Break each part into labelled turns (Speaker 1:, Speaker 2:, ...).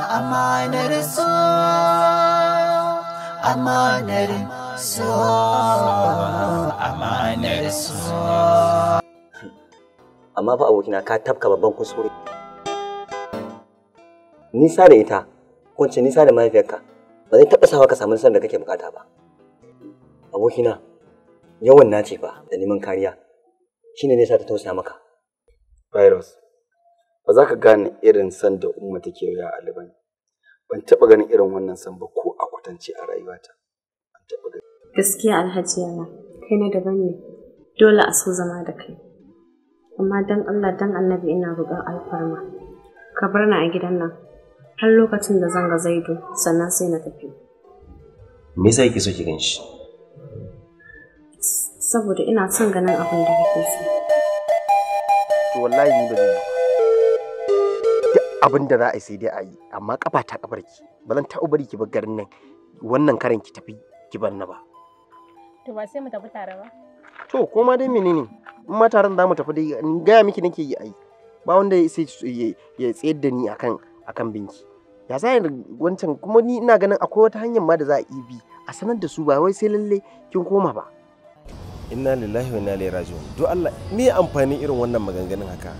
Speaker 1: Amanar Amma
Speaker 2: fa abokina ka tafka babban kuskure.
Speaker 3: Nisa da ita, kunce nisa da mahaifiyarka, ba zai taɓa sawa ka samu nisan da kake bukata ba. Abokina, yawan nace ba da neman kariya, shine ne nisa ta tausa maka. Virus. ba za ka gane irin san da umma take wa Ali ban taba ganin irin wannan san ba ko a kwatance a rayuwata
Speaker 4: taba gaskiya Alhaji yana kai na daban ne dole a so zama da kai amma dan Allah dan Annabi ina roƙon alfarma ka bar ni a gidan nan har lokacin da zan ga Zaidu sannan sai na tafi
Speaker 2: me yasa yake so ki ganshi
Speaker 4: saboda ina son ganin abin da kake so
Speaker 2: to wallahi ni ba zai abin da za a yi sai dai a yi amma kafa ta kabar ki ba zan taɓa bari ki bar garin nan wannan karan ki tafi ki bar na ba
Speaker 4: to ba sai mu tafi tare ba
Speaker 2: to ko ma dai menene in ma taron za mu tafi dai in gaya miki nake yi a yi ba wanda ya sai ya tsayar da ni akan akan binki ya sa wancan kuma ni ina ganin akwai wata hanyar ma da za a yi bi a sanar da su ba wai sai lalle kin koma ba inna lillahi wa inna ilaihi raji'un duk Allah me amfani irin wannan maganganun haka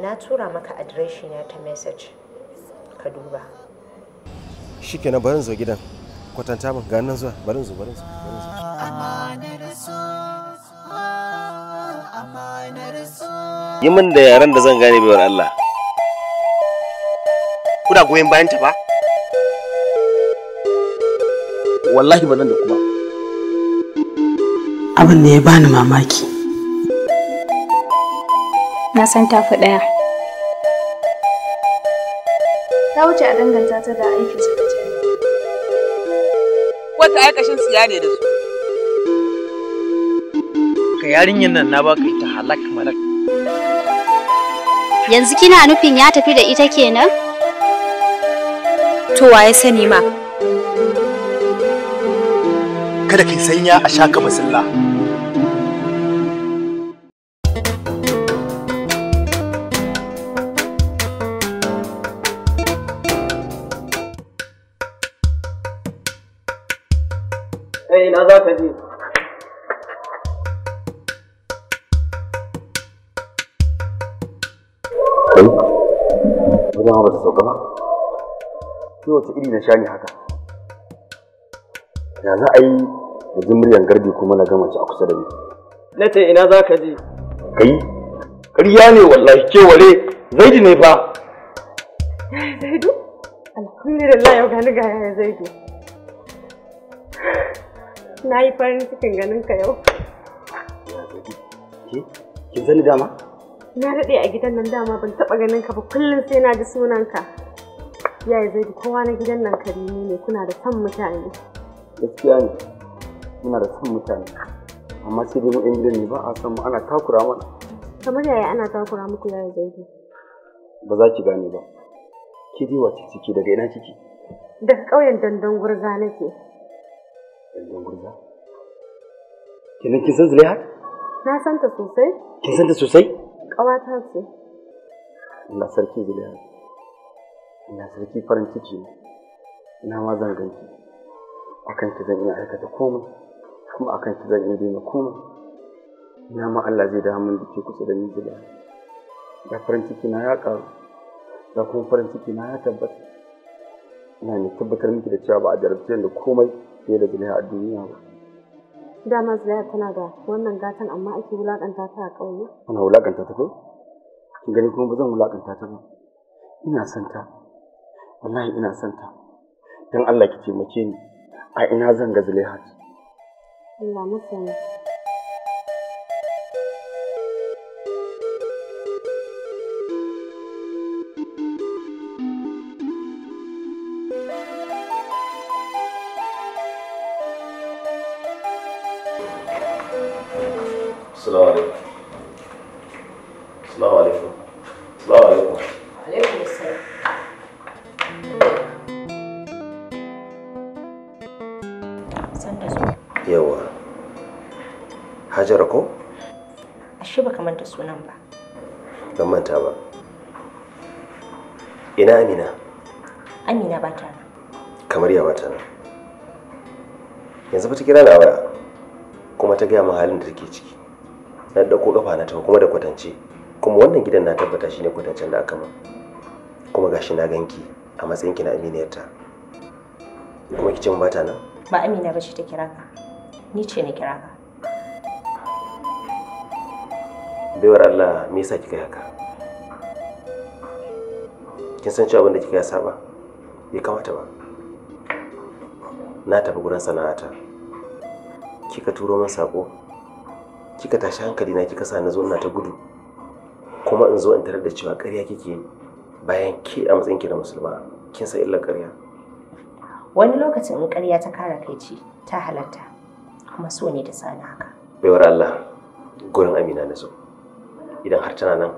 Speaker 5: na tura maka adireshi na ta message ka duba
Speaker 2: shi ke na barin zo gidan kwatanta min ga nan zuwa barin zo barin zo
Speaker 5: ah,
Speaker 2: yi min da yaren da zan gane baiwar Allah kuna goyon bayan ta ba
Speaker 3: wallahi ba nan da kuma
Speaker 2: abin da ya bani mamaki
Speaker 4: na san tafi ɗaya. Ta wuce a danganta ta da aikin su da jami'a. Wata aikashin su ne da su.
Speaker 1: Ka yarinyar nan na baka ita halak
Speaker 4: malak. Yanzu kina nufin ya tafi da ita kenan? To waye sani ma.
Speaker 2: Kada ki sanya a shaka masalla. ina za ka je
Speaker 3: wajen ba ta sauka ba ke wace iri na sha ne haka ya za a yi da jimriyan garbi kuma na gama ci a kusa da ni na ce ina za ka je kai ƙarya ne wallahi kewale zaidi ne fa
Speaker 4: zaidu alhamdulillah ya gani ga yaya zaidu Na yi farin cikin ganin ka yau. Kin sani dama? Na daɗe a gidan nan dama ban taɓa ganin ka ba kullum sai na ji sunanka. Yaya zai kowa na gidan nan karimi ne kuna da son mutane.
Speaker 3: Gaskiya ne, muna da son mutane. Amma sai dai mu ɗan gidan ne ba a san mu ana takura mana.
Speaker 4: Kamar yaya ana takura muku yaya zai
Speaker 3: Ba za ki gane ba. Ki dai wace ciki daga ina ciki?
Speaker 4: Daga ƙauyen dandan gurga nake.
Speaker 3: Gandun gurza? Kenan kin san Zulaiha?
Speaker 4: Na san ta sosai.
Speaker 3: Kin san ta sosai?
Speaker 4: Ƙawata ce.
Speaker 3: Allah sarki Zulaiha. Allah sarki farin ciki ne. Ina ma zan ganki. Akan ki zan iya aikata komai. Kuma akan ki zan iya daina komai. Ina ma Allah zai dawo min da ke kusa da ni Zulaiha. Da farin ciki na ya ƙaru. Da kuma farin ciki na ya tabbata. Ina ne tabbatar miki da cewa ba a jarabce da komai fiye da zulaiha a duniya ba
Speaker 4: dama zulaiha tana da wannan gatan amma ake wulakanta ta a ƙauye
Speaker 3: ana wulakanta ta kai? kin gani kuma ba zan wulakanta ta ba ina son ta wallahi ina son ta Don Allah ki taimake ni a ina zan ga zulaiha
Speaker 1: Allah masani
Speaker 5: manta sunan ba
Speaker 2: ban manta ba ina amina
Speaker 5: amina ba ta nan
Speaker 2: kamar ya ba ta nan yanzu ba ta kira na waya kuma ta gaya min halin da take ciki na ɗauko kafa na tafi kuma da kwatance kuma wannan gidan na tabbata shine kwatancen da aka min kuma gashi na ganki a matsayin ki na aminiyarta kuma kicin ba ta nan
Speaker 5: ba amina ba ce ta kira ka ni ce na kira ka
Speaker 2: baiwar Allah me yasa kika haka kin san cewa abin da kika yasa ba, bai kamata ba na tafi gurin sana'ata kika turo min sako kika tashi hankali na kika sa na zo ina ta gudu kuma in zo in tarar da cewa ƙarya kike bayan ke a matsayin ki na musulma kin san illar ƙarya
Speaker 5: wani lokacin in ƙarya ta kara kai ce ta halatta kuma so ne da sani haka
Speaker 2: baiwar Allah gurin amina na zo idan har tana nan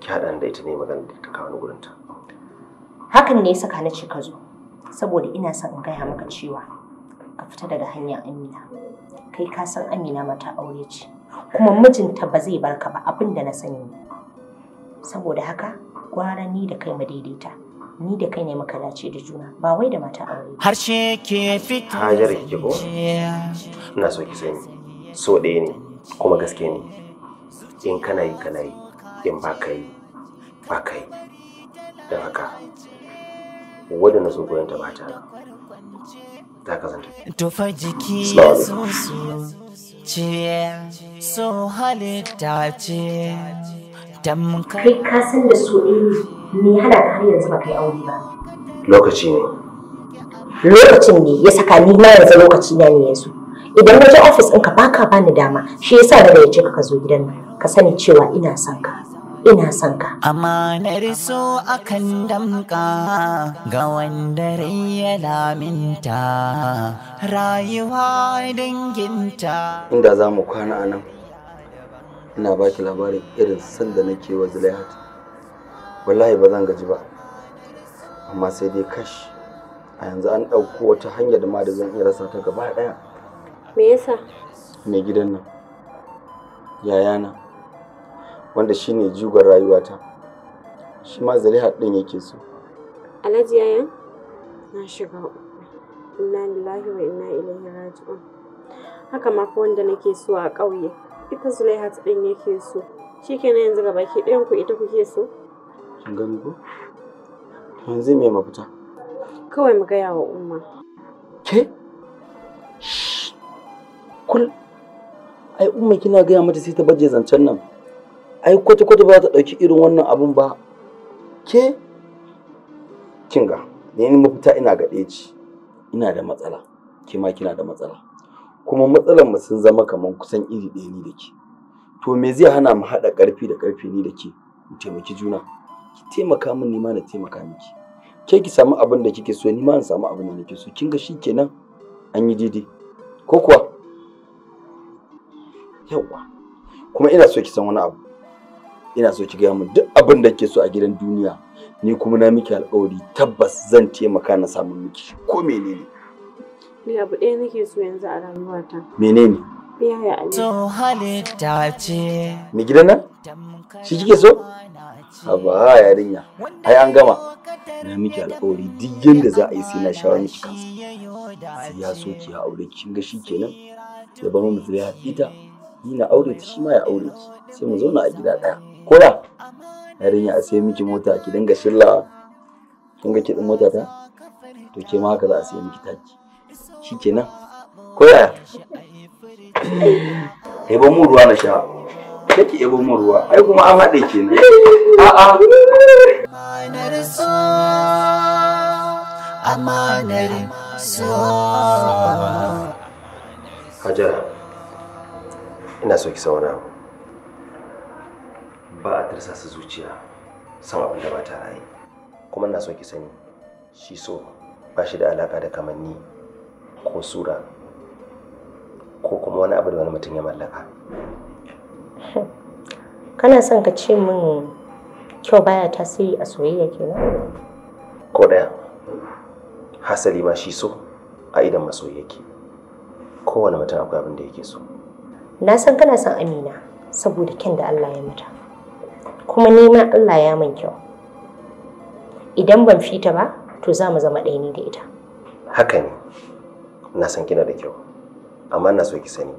Speaker 2: ki haɗa da ita ne magana da ta kawo gurin ta
Speaker 5: hakan ne saka na ce ka zo saboda ina son in gaya maka cewa ka fita daga hanya amina kai ka san amina mata aure ce kuma mijinta ba zai barka ba abin da na sani ne saboda haka gwara ni da kai mu daidaita ni da kai ne muka dace da juna ba wai da mata aure
Speaker 2: harshe ke fita hajar ki ko ina so ki sani so ɗaya ne kuma gaske ne in kana yi kana yi in ba ka yi ba ka yi da haka wadda na so goyon ta ba ta kasance to fa jiki so ce so halitta ce damka kai ka
Speaker 5: san da so ne me hada ka har yanzu ba kai aure ba
Speaker 2: lokaci ne lokacin ne ya saka ni na yanzu lokaci na
Speaker 5: ne yanzu idan waje ofis ɗinka ba ka bani dama shi yasa da ya ka zo gidan nan ka sani cewa ina son ka ina son ka
Speaker 2: na riso akan damka ga wanda rai ya laminta rayuwa danginta
Speaker 3: inda za mu kwana a nan ina baki labarin irin sanda nake wa zulaihat wallahi ba zan gaji ba amma sai dai kash a yanzu an ɗauko wata hanyar ma da zan iya rasa ta gaba ɗaya Me yasa? Mai gidan nan, yayana, wanda shine jugon rayuwata, shi ma zaliha din yake so.
Speaker 4: Alhaji yayan? Na shiga uku. Inna lillahi wa inna ilaihi raji'un. Haka ma fa wanda nake so a ƙauye, ita Zulaihat din yake so. Shikenan yanzu ga baki ɗayan ku ita kuke so?
Speaker 3: Kin gani ko? Yanzu me mafita?
Speaker 4: Kawai mu gaya wa umma.
Speaker 3: Ke? kul ai umma kina gaya mata sai ta baje zancen nan ai kwata kwata ba ta ɗauki irin wannan abun ba ke kinga ne ni mafita ina ga ci ina da matsala ke ma kina da matsala kuma matsalar mu sun zama kamar kusan iri ɗaya ni da ke to me zai hana mu haɗa ƙarfi da ƙarfi ni da ke mu taimaki juna ki taimaka min ni ma na taimaka miki ke ki samu abin da kike so ni ma na samu abin da nake so kin ga shikenan an yi daidai ko kuwa yauwa kuma ina so ki san wani abu ina so ki gaya min duk abin da ke so a gidan duniya ni kuma na miki alƙawari tabbas zan taimaka na samu miki ko menene
Speaker 4: ni abu ɗaya nake so yanzu a rayuwata menene To halitta
Speaker 2: ce.
Speaker 3: Ni gidan nan? Shi kike so? Haba yarinya. Ai an gama. Na miki alƙawari duk yanda za a yi sai na shawar miki kansa. Sai ya so ki ya aure kin ga shi kenan. Ya bar mu zuriya ita ni na aure ta shi ma ya aure ki sai mu zauna a gida ɗaya ko da yarinya a sai miki mota ki dinga shilla kin ga kiɗin mota ta to ke ma haka za a sai miki taki kenan ko yaya yabon mu ruwa na sha kake yabon mu ruwa ai kuma an haɗe kenan a'a a
Speaker 2: so so Hajar ina so ki san wani abu ba a tarsa su zuciya san abin da ba ta raye kuma ina so ki sani shi so ba shi da alaka da kamanni ko sura ko kuma wani abu da wani mutum ya mallaka
Speaker 5: kana son ka ce min kyau baya tasiri a soyayya kenan
Speaker 2: ko daya hasali ma shi so a idan masoyi yake kowane mutum akwai abin da yake so
Speaker 5: na san kana son amina saboda kyan da Allah ya mata kuma nema Allah ya man kyau idan ban fita ba to za mu zama ɗaya ni da ita
Speaker 2: haka ne na san kina da kyau amma na so ki sani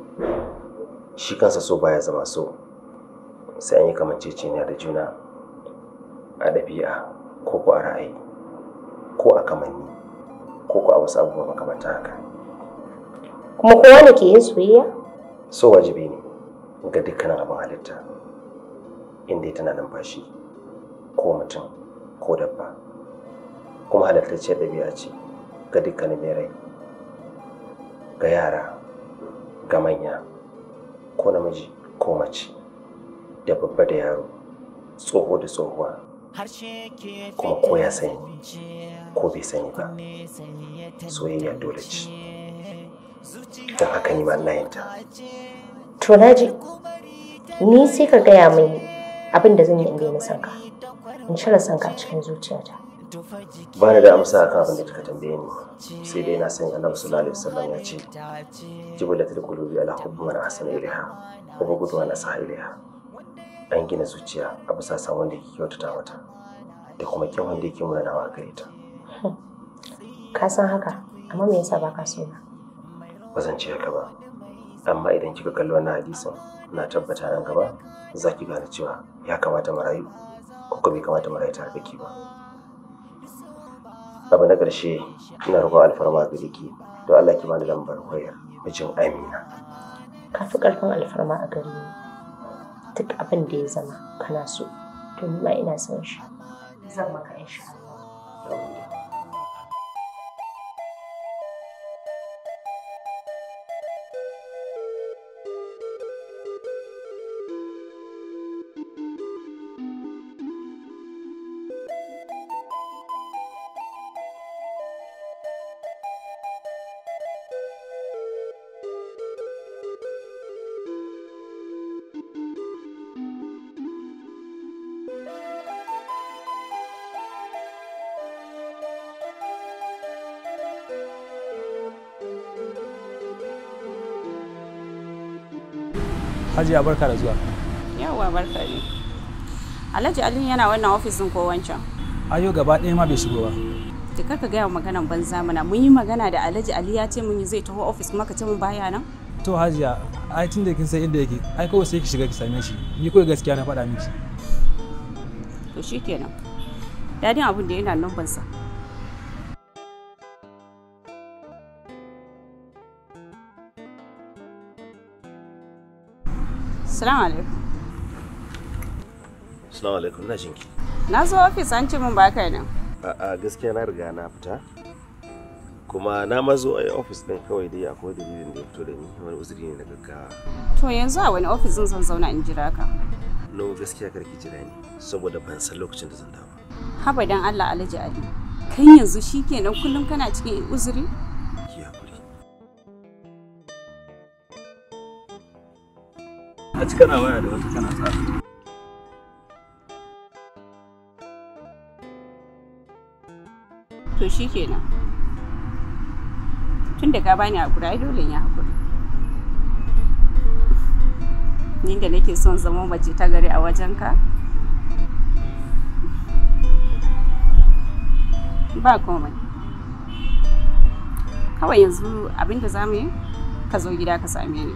Speaker 2: shi kansa so baya zama so sai an yi kamanceceniya da juna a ɗabi'a ko ko a ra'ayi ko a kamanni ko ko a wasu abubuwa makamanta haka
Speaker 5: kuma kowa ne ke yin soyayya
Speaker 2: so wajibi ne ga dukkanin abin halitta inda tana numfashi ko mutum ko dabba kuma halittacciyar ɗabi'a ce ga dukkanin mai ga yara ga manya ko namiji ko mace da babba da yaro tsoho da tsohuwa kuma ko ya sani ko bai sani ba soyayya dole ce don haka ni ma ta
Speaker 5: to naji ni sai ka gaya min abin da zan yi in daina sanka in cire sanka cikin zuciyata
Speaker 2: ba ni da amsa akan abin da kika tambaye ni sai dai na san annabi sallallahu alaihi wasallam ya ce jibilatul qulubi ala hubbi man ahsana ilaiha wa bughdu man asaha ilaiha an gina zuciya a bisa san wanda yake kyautata wata, da kuma kin wanda yake munanawa gare ta
Speaker 5: hmm. ka san haka amma me yasa baka so na
Speaker 2: ba zan ce haka ba amma idan kika kalli wannan hadisin na tabbata nan gaba za ki gane cewa ya kamata mu rayu ko bai kamata mu rayu tare da ki ba abu na ƙarshe ina roƙon alfarma ga ki to Allah ki bani lambar wayar mijin Amina ka
Speaker 5: fi ƙarfin alfarma a gare ni duk abin da ya zama kana so to ni ma ina son shi
Speaker 2: zan maka insha Allah
Speaker 1: hajiya barka da zuwa yawa barka ne
Speaker 4: alhaji ali yana wannan ofisin ko wancan
Speaker 1: ayo gaba ɗaya ma bai shigo ba
Speaker 4: da ka gaya maganan ban zamana mun yi magana da alhaji ali ya ce mun zai taho ofis maka ce mun baya nan
Speaker 1: to hajiya ai tunda kin san inda yake ai kawai sai ki shiga ki same shi ni kawai gaskiya na faɗa miki
Speaker 4: to shikenan dadin abin da yana nan ban sa Assalamu alaikum.
Speaker 2: Assalamu alaikum ina jinki.
Speaker 4: Na zo ofis an ce mun ba nan.
Speaker 2: A'a gaskiya na riga na fita. Kuma na mazo zo ofis din kawai dai akwai dalilin da ya fito da ni wani uzuri ne na gaggawa.
Speaker 4: To yanzu a wani ofis zan zauna in jira ka.
Speaker 2: No gaskiya karki jira ni saboda ban san lokacin da zan dawo.
Speaker 4: Haba dan Allah Alhaji Ali. kan yanzu shikenan kullum kana cikin uzuri?
Speaker 1: a cika na waya da wata kana tsara
Speaker 4: to shi kenan tun da ka bani hakuri ai dole ya haƙuri ni da nake son zama mace ta gari a wajenka ba komai kawai yanzu abinda za mu yi ka zo gida ka same ni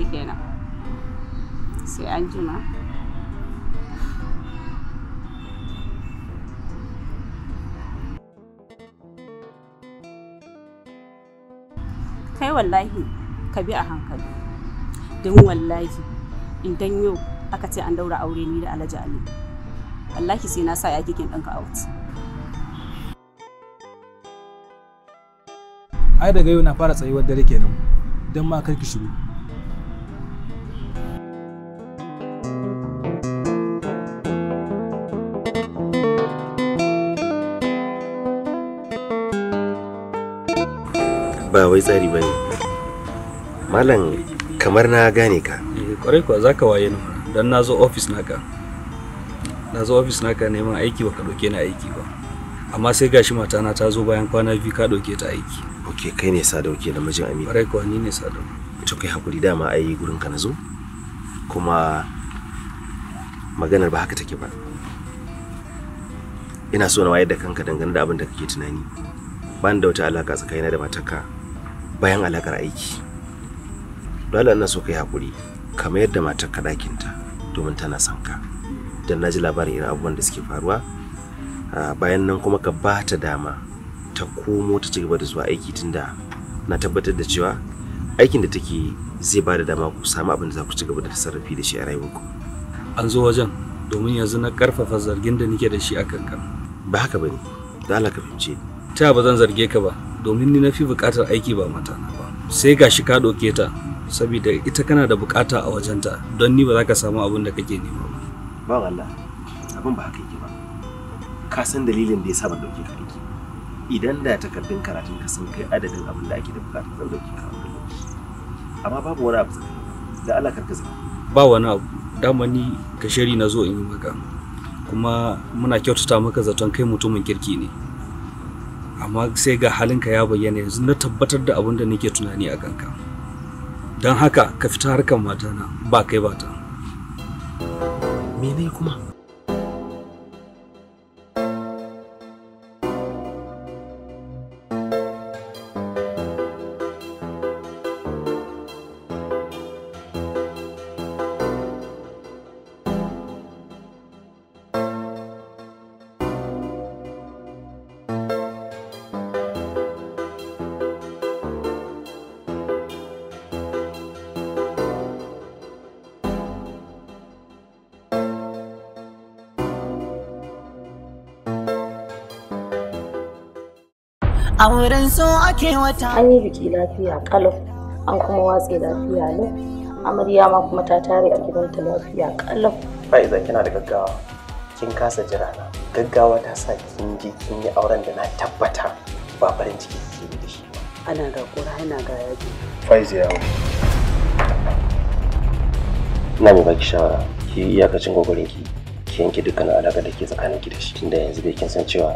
Speaker 4: kenan sai an jima kai wallahi ka bi a hankali don wallahi idan yau aka ce an daura aure ni da alhaji ali wallahi sai na sa ya kikin ɗanka out
Speaker 1: ai daga yau na fara tsayuwar dare kenan don ma kar ki shigo
Speaker 2: ba wai tsari ba ne malam kamar na gane ka
Speaker 1: eh, kwarai kuwa za ka waye ni don na zo ofis naka na zo ofis naka neman aiki baka ɗauke na aiki ba amma sai gashi matana ta zo bayan kwana biyu ka ɗauke ta aiki ok kai ne sadau ke namijin amina kwarai kuwa ni ne sadau to kai hakuri dama ai gurin ka na zo
Speaker 2: kuma maganar ba haka take ba ina so na wayar da kanka dangane da abin da kake tunani ban da wata alaka tsakanina da matarka bayan alakar aiki dole ina so kai hakuri kamar yadda matar ka ɗakinta domin tana son ka don na ji labarin irin abubuwan da suke faruwa bayan nan kuma ka ba ta dama ta komo ta cigaba da zuwa aiki tunda na tabbatar da cewa aikin da take zai ba da dama ku samu abin da za ku cigaba da sarrafi da shi a rayuwarku
Speaker 1: an zo wajen domin yanzu na karfafa zargin da nake da shi a kanka ba haka bane da Allah ka fahimce ta ba zan zarge ka ba domin ni na fi buƙatar aiki ba mata na ba sai gashi ka ɗauke ta saboda ita kana da buƙata a wajenta don ni ba za ka samu abin da kake nema
Speaker 2: ba ba Allah abin ba haka yake ba ka san dalilin da ya sa ban ɗauke ka aiki idan da takardun karatun ka sun kai adadin abin da ake da buƙata zan ɗauke ka amma babu wani abu da Allah karka
Speaker 1: zama ba wani abu dama ni ka shari na zo in yi maka kuma muna kyautata maka zaton kai mutumin kirki ne amma sai ga halinka ya bayyana yanzu na tabbatar da abin da nake tunani a kanka don haka ka fita harkar matana ba kai ba ta kuma
Speaker 4: a wurin sun
Speaker 5: ake wata an yi biki lafiya kalau an kuma watse lafiya lau amarya ma kuma ta tare a gidanta lafiya kalau
Speaker 2: fa'iza kina da gaggawa kin kasa jira na gaggawa ta sa kin je kin yi auren da na tabbata ba farin ciki ke da shi
Speaker 4: ana ga kura ana ga yaji faiza yawo
Speaker 2: ina mai baki shawara ki iyakacin gwagwarin ki ki yanke dukkan alaƙa da ke tsakanin ki da shi tunda yanzu bai kin san cewa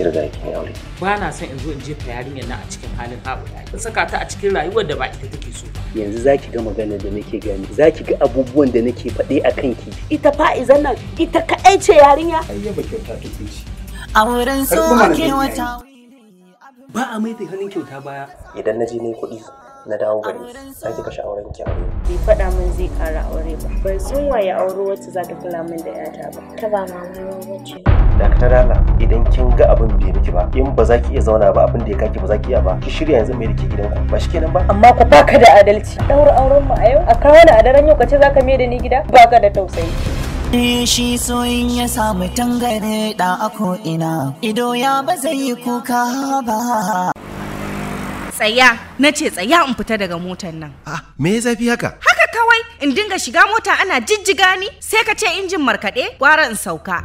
Speaker 2: ki riga aure
Speaker 1: ba na son in zo in jefa
Speaker 4: yarinyar nan a cikin halin haɓu in saka ta a cikin rayuwar da ba ita take so ba
Speaker 2: yanzu ki ga magana da nake
Speaker 3: gani Za ki ga abubuwan da nake faɗe a kan ki.
Speaker 4: ita fa'izan nan ita kaɗai ce yarinya
Speaker 2: ba kyauta ce ci
Speaker 1: a wurin so ake wata ba a mai da hannun kyauta baya
Speaker 2: idan na je ne kuɗi na dawo gari za ki kashe auren ki aure bai
Speaker 5: faɗa min zai ƙara aure ba ban san waye aure wacce za ta kula min da yata ba ta ba mamu
Speaker 2: wacce dakatar Allah idan kin ga abin bai miki ba in ba za ki iya zauna ba abin da ya kaki ba za ki iya ba ki shirya yanzu mai dake gidanku ba shi kenan ba amma ku
Speaker 5: baka da adalci daur auren mu a yau a kawo ni a daren yau kace zaka mai da ni gida baka da
Speaker 2: tausayi shi soyin ya samu tangare da a ina ido ya ba zai yi kuka ba
Speaker 4: tsaya na ce tsaya in fita daga motar nan ah
Speaker 2: me ya zafi haka
Speaker 4: haka kawai in dinga shiga mota ana jijjiga ni sai ka ce injin markaɗe gwara in sauka